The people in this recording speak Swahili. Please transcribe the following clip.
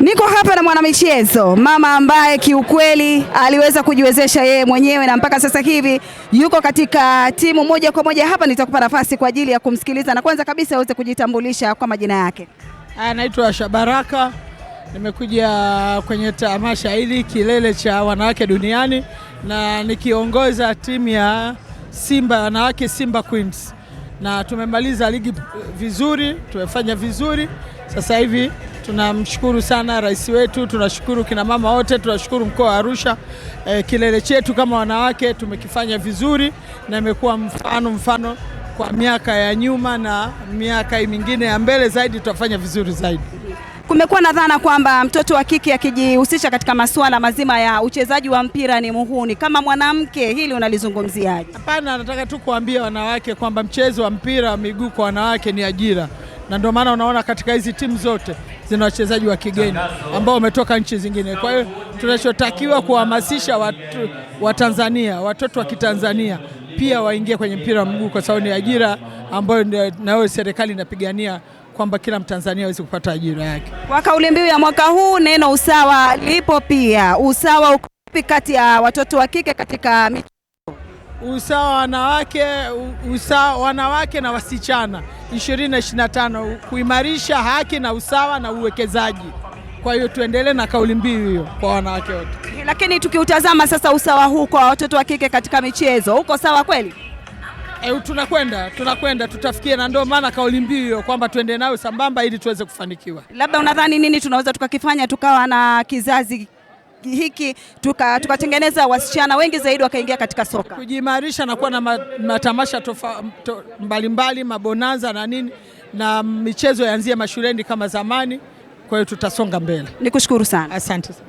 Niko hapa na mwanamichezo mama ambaye kiukweli aliweza kujiwezesha yeye mwenyewe na mpaka sasa hivi yuko katika timu moja kwa moja. Hapa nitakupa nafasi kwa ajili ya kumsikiliza, na kwanza kabisa aweze kujitambulisha kwa majina yake. Anaitwa ah, Shabaraka, nimekuja kwenye tamasha hili kilele cha wanawake duniani na nikiongoza timu ya Simba wanawake, Simba Queens, na tumemaliza ligi vizuri, tumefanya vizuri, sasa hivi Tunamshukuru sana rais wetu, tunashukuru kinamama wote, tunashukuru mkoa wa Arusha. E, kilele chetu kama wanawake tumekifanya vizuri na imekuwa mfano mfano kwa miaka ya nyuma na miaka mingine ya mbele zaidi, tutafanya vizuri zaidi. Kumekuwa na dhana kwamba mtoto wa kike akijihusisha katika masuala mazima ya uchezaji wa mpira ni muhuni. Kama mwanamke, hili unalizungumziaje? Hapana, nataka tu kuambia wanawake kwamba mchezo wa mpira wa miguu kwa wanawake ni ajira, na ndio maana unaona katika hizi timu zote zina wachezaji wa kigeni ambao wametoka nchi zingine. Kwa hiyo tunachotakiwa kuhamasisha Watanzania, wa watoto wa Kitanzania pia waingie kwenye mpira wa mguu, kwa sababu ni ajira ambayo nayo serikali inapigania kwamba kila Mtanzania aweze kupata ajira yake. Kwa kauli mbiu ya mwaka huu neno usawa lipo pia, usawa uko kati ya watoto wa kike katika usawa wanawake, usawa wanawake na wasichana 2025 kuimarisha haki na usawa na uwekezaji. Kwa hiyo tuendelee na kauli mbiu hiyo kwa wanawake wote. Lakini tukiutazama sasa usawa huu kwa watoto wa kike katika michezo, uko sawa kweli? E, tunakwenda tunakwenda, tutafikia, na ndio maana kauli mbiu hiyo kwamba tuende nayo sambamba ili tuweze kufanikiwa. Labda unadhani nini tunaweza tukakifanya tukawa na kizazi hiki tukatengeneza tuka wasichana wengi zaidi wakaingia katika soka, kujimarisha na kuwa na matamasha mbalimbali, mabonanza na nini, na michezo yaanzie mashuleni kama zamani. Kwa hiyo tutasonga mbele. Nikushukuru sana, asante sana.